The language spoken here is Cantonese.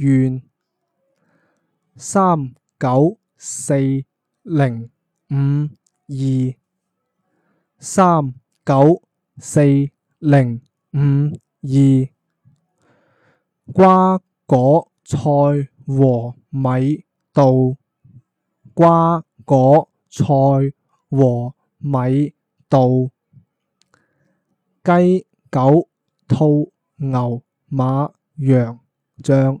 願，三九四零五二三九四零五二。瓜果菜和米稻，瓜果菜和米稻，雞狗兔牛馬羊象。